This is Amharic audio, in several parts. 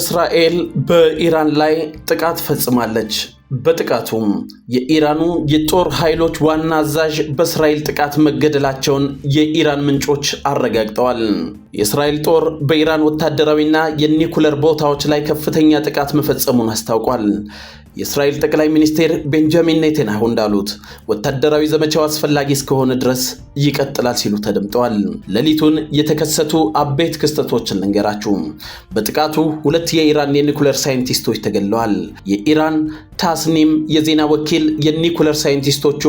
እስራኤል በኢራን ላይ ጥቃት ፈጽማለች። በጥቃቱም የኢራኑ የጦር ኃይሎች ዋና አዛዥ በእስራኤል ጥቃት መገደላቸውን የኢራን ምንጮች አረጋግጠዋል። የእስራኤል ጦር በኢራን ወታደራዊና የኒኩለር ቦታዎች ላይ ከፍተኛ ጥቃት መፈጸሙን አስታውቋል። የእስራኤል ጠቅላይ ሚኒስቴር ቤንጃሚን ኔቴንያሁ እንዳሉት ወታደራዊ ዘመቻው አስፈላጊ እስከሆነ ድረስ ይቀጥላል ሲሉ ተደምጠዋል። ሌሊቱን የተከሰቱ አበይት ክስተቶችን ልንገራችሁ። በጥቃቱ ሁለት የኢራን የኒኩሌር ሳይንቲስቶች ተገለዋል። የኢራን ታስኒም የዜና ወኪል የኒኩለር ሳይንቲስቶቹ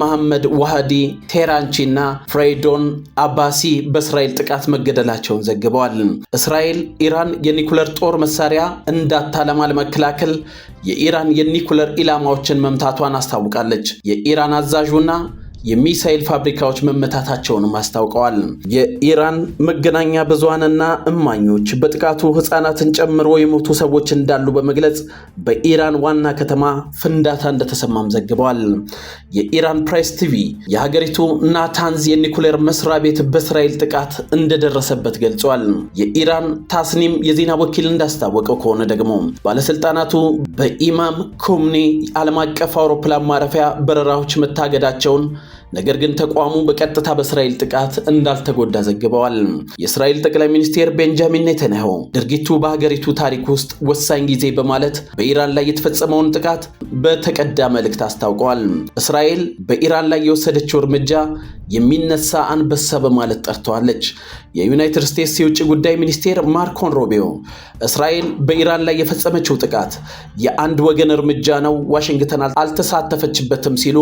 መሐመድ ዋሃዲ ቴራንቺ እና ፍሬዶን አባሲ በእስራኤል ጥቃት መገደላቸውን ዘግበዋል። እስራኤል ኢራን የኒኩለር ጦር መሳሪያ እንዳታለማ ለመከላከል የኢራን የኒኩለር ኢላማዎችን መምታቷን አስታውቃለች። የኢራን አዛዡና የሚሳኤል ፋብሪካዎች መመታታቸውንም አስታውቀዋል። የኢራን መገናኛ ብዙሃንና እማኞች በጥቃቱ ሕፃናትን ጨምሮ የሞቱ ሰዎች እንዳሉ በመግለጽ በኢራን ዋና ከተማ ፍንዳታ እንደተሰማም ዘግበዋል። የኢራን ፕሬስ ቲቪ የሀገሪቱ ናታንዝ የኒኩሌር መስሪያ ቤት በእስራኤል ጥቃት እንደደረሰበት ገልጿል። የኢራን ታስኒም የዜና ወኪል እንዳስታወቀው ከሆነ ደግሞ ባለስልጣናቱ በኢማም ኮምኔ ዓለም አቀፍ አውሮፕላን ማረፊያ በረራዎች መታገዳቸውን ነገር ግን ተቋሙ በቀጥታ በእስራኤል ጥቃት እንዳልተጎዳ ዘግበዋል። የእስራኤል ጠቅላይ ሚኒስቴር ቤንጃሚን ኔተንያሁ ድርጊቱ በሀገሪቱ ታሪክ ውስጥ ወሳኝ ጊዜ በማለት በኢራን ላይ የተፈጸመውን ጥቃት በተቀዳ መልእክት አስታውቀዋል። እስራኤል በኢራን ላይ የወሰደችው እርምጃ የሚነሳ አንበሳ በማለት ጠርተዋለች። የዩናይትድ ስቴትስ የውጭ ጉዳይ ሚኒስቴር ማርኮን ሮቢዮ እስራኤል በኢራን ላይ የፈጸመችው ጥቃት የአንድ ወገን እርምጃ ነው፣ ዋሽንግተን አልተሳተፈችበትም ሲሉ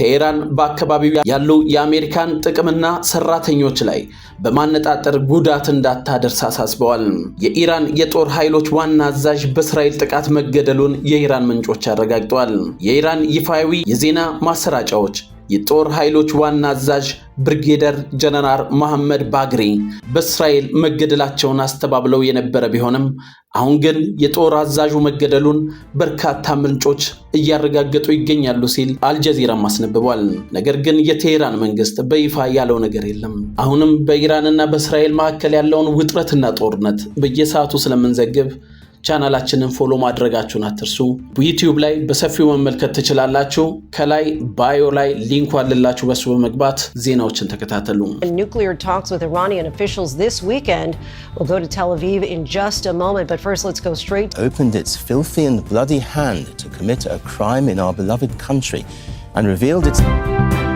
ቴሄራን በአካባቢው ያሉ የአሜሪካን ጥቅምና ሰራተኞች ላይ በማነጣጠር ጉዳት እንዳታደርስ አሳስበዋል። የኢራን የጦር ኃይሎች ዋና አዛዥ በእስራኤል ጥቃት መገደሉን የኢራን ምንጮች አረጋግጠዋል። የኢራን ይፋዊ የዜና ማሰራጫዎች የጦር ኃይሎች ዋና አዛዥ ብርጌደር ጀነራል መሐመድ ባግሪ በእስራኤል መገደላቸውን አስተባብለው የነበረ ቢሆንም አሁን ግን የጦር አዛዡ መገደሉን በርካታ ምንጮች እያረጋገጡ ይገኛሉ ሲል አልጀዚራም አስነብቧል። ነገር ግን የቴሄራን መንግስት በይፋ ያለው ነገር የለም። አሁንም በኢራንና በእስራኤል መካከል ያለውን ውጥረትና ጦርነት በየሰዓቱ ስለምንዘግብ ቻናላችንን ፎሎ ማድረጋችሁን አትርሱ። ዩቲዩብ ላይ በሰፊው መመልከት ትችላላችሁ። ከላይ ባዮ ላይ ሊንኩ አለላችሁ። በሱ በመግባት ዜናዎችን ተከታተሉ። Nuclear talks with Iranian officials this weekend. We'll go to Tel Aviv in just a moment, but first let's go straight. Opened its filthy and bloody hand to commit a crime in our beloved country and revealed its.